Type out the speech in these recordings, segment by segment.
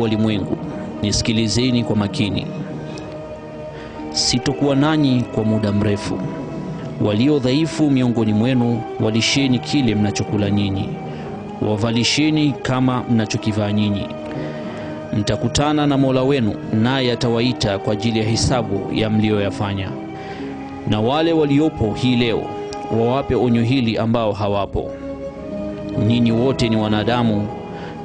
walimwengu, nisikilizeni kwa makini. Sitokuwa nanyi kwa muda mrefu. Walio dhaifu miongoni mwenu walisheni kile mnachokula nyinyi, wavalisheni kama mnachokivaa nyinyi. Mtakutana na Mola wenu, naye atawaita kwa ajili ya hisabu ya mliyoyafanya. Na wale waliopo hii leo wawape onyo hili ambao hawapo. Nyinyi wote ni wanadamu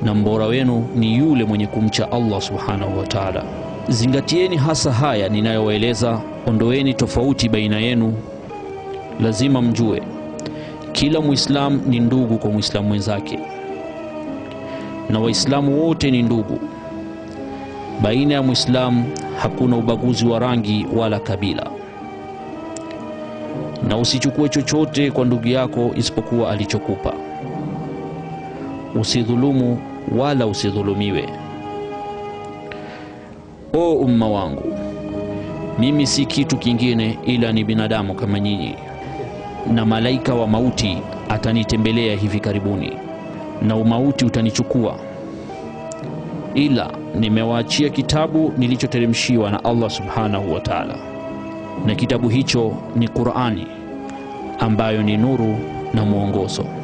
na mbora wenu ni yule mwenye kumcha Allah subhanahu wa ta'ala. Zingatieni hasa haya ninayowaeleza, ondoeni tofauti baina yenu. Lazima mjue kila Muislamu ni ndugu kwa Muislamu mwenzake, na Waislamu wote ni ndugu. Baina ya Muislamu hakuna ubaguzi wa rangi wala kabila, na usichukue chochote kwa ndugu yako isipokuwa alichokupa. Usidhulumu wala usidhulumiwe. O umma wangu, mimi si kitu kingine ila ni binadamu kama nyinyi, na malaika wa mauti atanitembelea hivi karibuni, na umauti utanichukua, ila nimewaachia kitabu nilichoteremshiwa na Allah subhanahu wa taala, na kitabu hicho ni Qurani ambayo ni nuru na mwongozo.